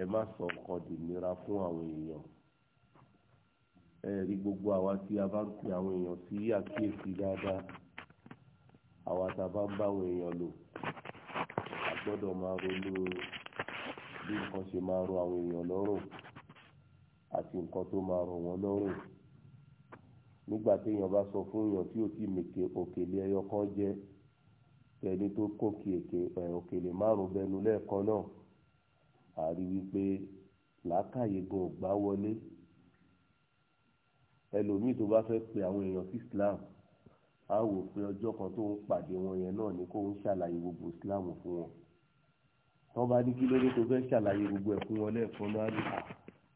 ẹ má sọ nǹkan dìnira fún àwọn èèyàn ẹ rí gbogbo àwa tí a bá ń pe àwọn èèyàn sí àkíyèsí dáadáa àwa tá a bá ń bá àwọn èèyàn lò a gbọ́dọ̀ máa ronú bí nǹkan ṣe máa rọ àwọn èèyàn lọ́rùn àti nǹkan tó máa rọ wọ́n lọ́rùn nígbà téèyàn bá sọ fún èèyàn tí ò tí mèkè òkèlè ẹyọ kan jẹ tẹni tó kókè èké òkèlè márùn bẹnu lẹ́ẹ̀kan náà àrí wípé làákàyè gan ọgbà wọlé ẹlòmíì tó bá fẹ́ pe àwọn èèyàn sí Islam á wò pé ọjọ́ kan tó ń pàdé wọn yẹn náà ni kó ń ṣàlàyé gbogbo Islam fún wọn wọ́n bá ní kí lóde tó fẹ́ ṣàlàyé gbogbo ẹ̀ fún wọn lẹ́ẹ̀kan náà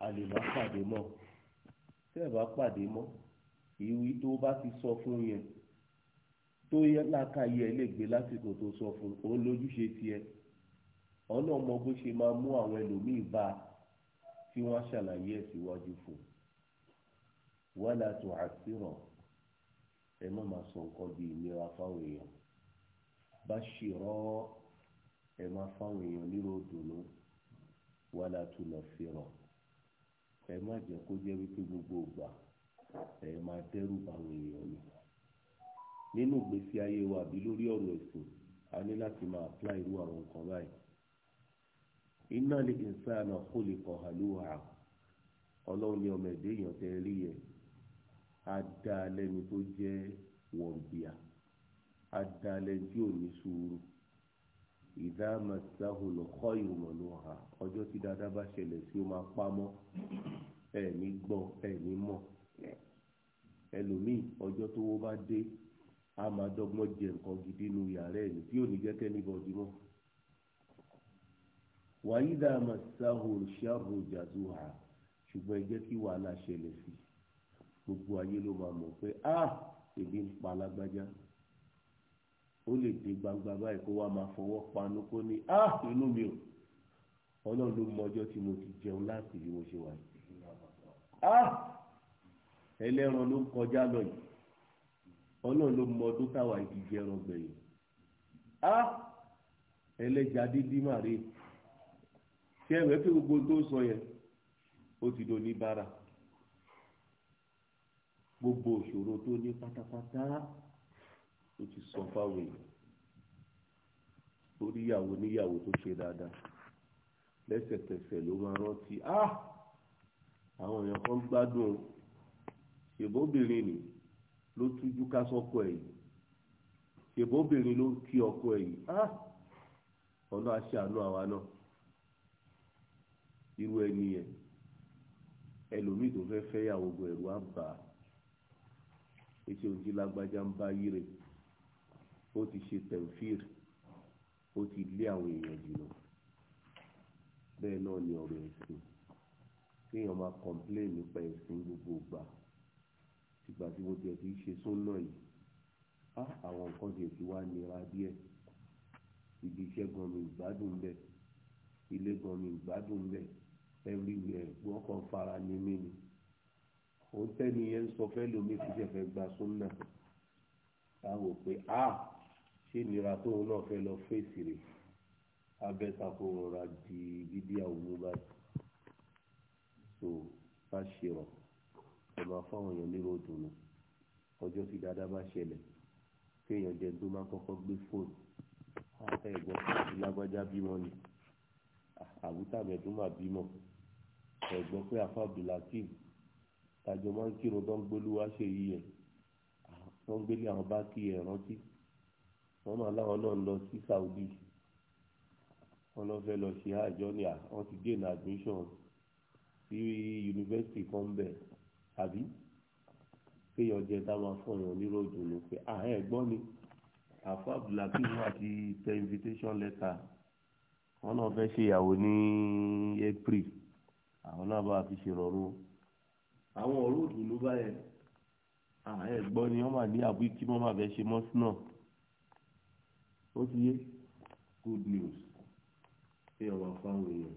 a lè má pàdé mọ́ tẹ́ ẹ̀ bá pàdé mọ́ ìwí tó bá ti sọ fún yẹn tó yẹ lákàyè ẹ lè gbé lásìkò tó sọ fún òun lójúṣe tiẹ̀ àwọn náà mọ bó ṣe máa mú àwọn ẹlòmíì bá a tí wọ́n ṣàlàyé ẹ̀ síwájú fún wala tu'assira ẹ má máa sọ nǹkan di ìnira fáwọn èèyàn bashira ẹ má fáwọn èèyàn nírò dùnú wala tunfira ẹ má jẹ́ kó jẹ́ wípé gbogbo ìgbà ẹ má dẹ́rù báwọn èèyàn ni nínú ìgbésí ayé wa àbí lórí ọ̀rọ̀ ẹ̀sìn a ní láti máa apply irú àwọn nǹkan báyìí iná lè ìsáná kó lè kọ̀ hàlúwà ọlọ́run ní ọmọ ẹ̀dẹ́ èèyàn tẹ́ rí yẹ ada lẹ́ni tó jẹ́ wọ̀nbíà ada lẹ́ni tí ò ní sùúrù ìdá màsáhùn kọ́ ìrùmọ̀lù hà ọjọ́ tí dáadáa bá ṣẹlẹ̀ sí ó máa pamọ́ ẹ̀mí gbọ́ ẹ̀mí mọ̀ ẹlòmíì ọjọ́ tó wó bá dé a máa dọ́gbọ́n jẹ nǹkan gidi nínú yàrá ẹ̀ tí ò ní jẹ́ kẹ́ni bọ̀dí mọ́ wàyí dàmà sáhù ṣáhù jàdúhà ṣùgbọ́n ẹ jẹ́ kí wàhálà ṣẹlẹ̀ sí gbogbo ayé ló máa mọ̀ pé a ah, èdè ń pa alágbájá ó lè dé gbangba báyìí kó wá máa fọwọ́ panu kó ní a ah, inú mi ò ọlọ́run ló mọ tí mo ti jẹun láti bí mo ṣe wà yìí a ah, ẹlẹ́ran ló ń kọjá lọ yìí ọlọ́run ló mọ ọdún táwa ìdíje ẹran gbẹ̀yìn a ẹlẹ́ja dídí màrí kí ẹ mẹ́fẹ́ gbogbo tó sọ yẹn ó ti do oníbàárà gbogbo òṣòro tó ní pátápátá ó ti sọ fáwọn èèyàn lórí ìyàwó níyàwó tó ṣe dáadáa lẹ́sẹ̀kẹsẹ̀ ló máa rántí ah àwọn èèyàn kan gbádùn ṣèbóbìnrin ni ló tújú ká sọ́kọ ẹ̀ yìí ṣèbóbìnrin ló kí ọkọ ẹ̀ yìí ah ọlọ́ àṣà àánú àwa náà irú ẹni yẹn ẹlòmíì tó fẹ́ fẹ́ yàwó gan ẹ̀rù àbá ètò òǹtí lágbájá ń bá yíre ó ti ṣe tẹ̀fíìr ó ti lé àwọn èèyàn jùlọ bẹ́ẹ̀ náà ni ọ̀rọ̀ ẹ̀sìn kéèyàn máa kọ̀m̀pléìn nípa ẹ̀sìn gbogbo gbà ìgbà tí mo tiẹ̀ ti ṣe sóńnà yìí á àwọn nǹkan tiẹ̀ ti wá nira díẹ̀ ibi iṣẹ́ gan mi ìgbádùn bẹ́ẹ̀ ilé gan mi ìgbádùn bẹ́ẹ̀ everywhere wọ́n kàn fara ní mí ni òun tẹ́ni yẹn ń sọ fẹ́ lómi fi ṣẹ̀fẹ̀ gba súnà táwọn pé a ṣé ìnira tóun náà fẹ́ lọ fèsì rè abẹ́tako rọra di dídí àwòrán báyìí so bá ṣe rọ ẹ máa fáwọn èèyàn ní ròdù nù ọjọ́ tí dáadáa bá ṣẹlẹ̀ kéèyàn jẹ́ tó máa kọ́kọ́ gbé fóònù àtẹ̀gbọ́n lágbájá bí wọ́n ní àwítàmẹ̀dún mà bímọ ẹ̀gbọ́n pé afa abdulhakeem tajọ máa ń kírun tó ń gbólúwa ṣe yíyẹ tó ń gbélé àwọn bá kí ẹ rántí wọn máa láwọn náà ń lọ sí saudi wọn lọ fẹ́ lọ ṣe àjọ ní à wọn ti gain admission sí yunifásitì kan ń bẹ àbí kéèyàn jẹ tá a máa fọyàn níròdùnú pé àhẹ ẹ̀gbọ́n ni àfọ abdulhakeem àti tẹ invitation letter wọn náà fẹ́ ṣèyàwó ní april àwọn náà bá fi ṣèrọ̀rùn àwọn ọ̀rọ̀ òdùnnú báyẹn ẹ̀gbọ́n ni wọ́n máa ní àbúrò kí wọ́n máa fẹ́ ṣe mọ́sí náà ó ti yé good news ṣé ọba fáwọn èèyàn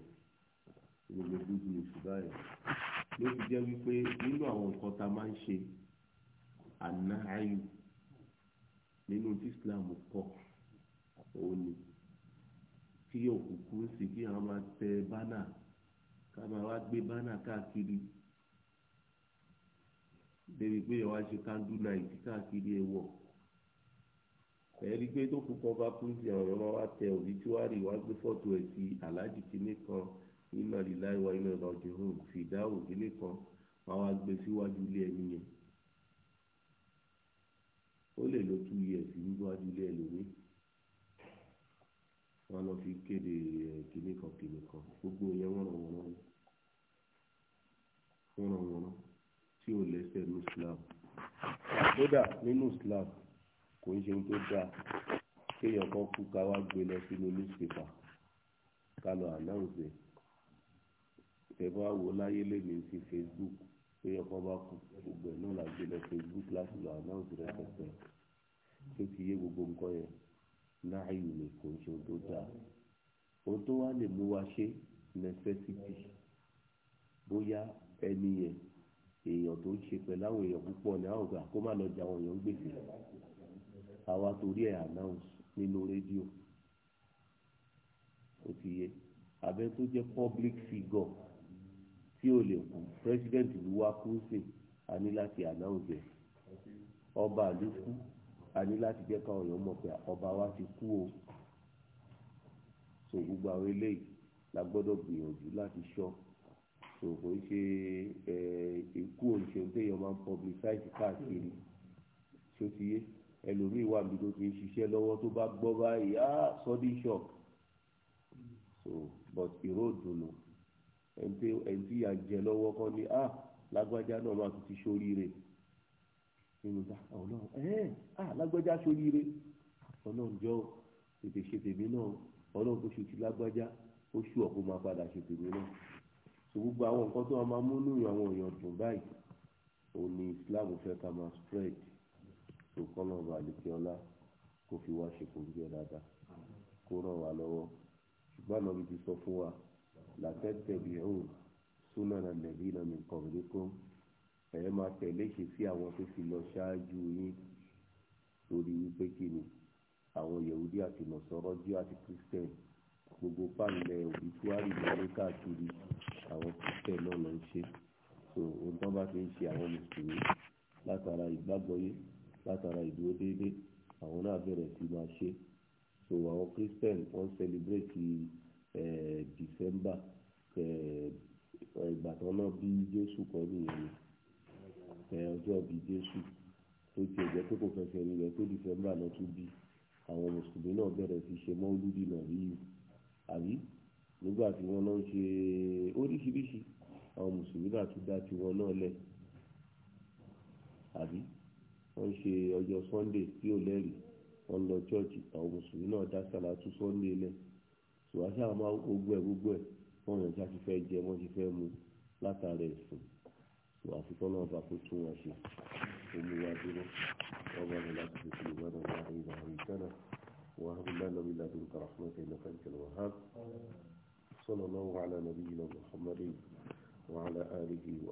gbogbo good news báyìí ló ti jẹ́ wípé nínú àwọn nǹkan tá a máa ń ṣe àná ayù nínú tí Islam kọ́ òun ni kí òkùnkùn sì kí àwọn máa tẹ bánà ká máa wá gbé bánà káàkiri débi pé ìwà ṣe kándú náìtì káàkiri ẹ̀wọ̀ ẹ̀rí pé tó kú kan bá pínpín àwọn ọmọ wa tẹ òbítúárì wá gbé fọ́tò ẹ̀ sí aláàjì kínní kan iná líláì wa iná lọ́jọ́ hàn kínní kan wá wá gbé síwájú ilé ẹni yẹn ó lè lọ tú iye ẹ̀sìn níwájú ilé ẹlòmíì wọn lọ fi kéde eh, kìnnì kan kìnnì kan gbogbo yẹn wọn ràn wọn wọn ràn wọn tí o lẹ́sẹ̀ ní Islam kódà nínú Islam kò ń ṣe ohun tó dáa kéèyàn kan kú ká wá gbé lọ sínú newspaper ká lọ announce ẹ̀bá wo láyé lèmi ti Facebook kéèyàn kan bá kú gbogbo ẹ̀ náà là gbé lọ Facebook láti lọ announce rẹ̀ pẹ̀pẹ̀ tó ti yé gbogbo nǹkan yẹn láàyò lè kó ń ṣe tó dáa ohun tó wá lè mú wa ṣe necessity bóyá ẹni yẹn èèyàn tó ń ṣe pẹ̀lú àwọn èèyàn púpọ̀ ní àwọn ògbà kó má lọ jà àwọn èèyàn gbèsè àwa torí ẹ̀ announce nínú rédíò ó ti yé abẹ́ tó jẹ́ public figure tí ò lè kú president ìlú wa kú sí a ní láti announce ẹ̀ ọba àlùkù ani ní láti jẹ́ káwọn èèyàn mọ̀ pé ọba wa ti kú o so gbogbo àwọn eléyìí la gbọ́dọ̀ gbìyànjú láti ṣọ́ so kò ń ṣe ẹ ikú òǹṣeun téèyàn máa ń publicize káàkiri ṣó ti yé ẹlòmíì wà mí tó ti ń ṣiṣẹ́ lọ́wọ́ tó bá gbọ́ báyìí á ah, sọ́dí shock so but ìró ìdùnnú ẹni tí ìyà jẹ lọ́wọ́ kọ́ ni á ah, lágbájá náà máa tún ti ṣoríire. So, nínú gbà ọlọ́run ẹ́ẹ́ à lágbájá sóríire ọlọ́run jọ tètè ṣe tèmi náà ọlọ́run tó ṣe ti lágbájá ó ṣù ọ̀pọ̀ máa padà ṣe tèmi náà so gbogbo àwọn nǹkan tó máa múnú àwọn èèyàn dùn báyìí òun ni Islam fẹ́ ká máa spread so kọ́ náà bá lè fi ọlá kó fi wá ṣe fún jẹ́ dáadáa kó ràn wá lọ́wọ́ ṣùgbọ́n àná mi ti sọ fún wa làtẹ́tẹ̀ bí ẹ̀hún súnmọ́ náà nàìjíríà mi kọ̀ ẹ máa tẹ̀lé ṣe sí àwọn tó ti lọ ṣáájú yín torí wípé kí ni àwọn yahudi àti nọ̀sọ́rọ́ jù àti christian gbogbo pàǹlẹ̀ obituari lórí káàkiri àwọn christian náà lọ ṣe so ohun tó bá ti ń ṣe àwọn mùsùlùmí látara ìgbàgbọ́yé látara ìdúró déédé àwọn náà bẹ̀rẹ̀ sí máa ṣe so àwọn christian wọ́n celebrate eh, december ìgbà eh, tán náà bí jésù kọ́ nìyẹn ni ọjọ́ bíi jésù tó ti ẹ̀jẹ̀ pé kò fẹsẹ̀ nílẹ̀ tó dìsẹ́mbà lọ tún bí àwọn mùsùlùmí náà bẹ̀rẹ̀ sí ṣe mọ́lúdì náà rí i àbí nígbà tí wọ́n lọ ń ṣe oríṣiríṣi àwọn mùsùlùmí náà tún dá tiwọn náà lẹ̀ àbí wọ́n ṣe ọjọ́ sunday tí ò lẹ́rìí wọ́n lọ chọ́ọ̀chì àwọn mùsùlùmí náà dá sàlátù sunday lẹ̀ ṣùgbọ́n sáà máa gbogbo ẹ̀ gbogbo ẹ̀ wọ́n yàn tó àfikún náà bá kó tún wọn ṣe omi wa dúró wọn bá mi láti fi ìwádà wá ìgbà àríkánná وهب لنا من لدنك رحمة إنك أنت الوهاب صلى الله على نبينا محمد وعلى آله وصحبه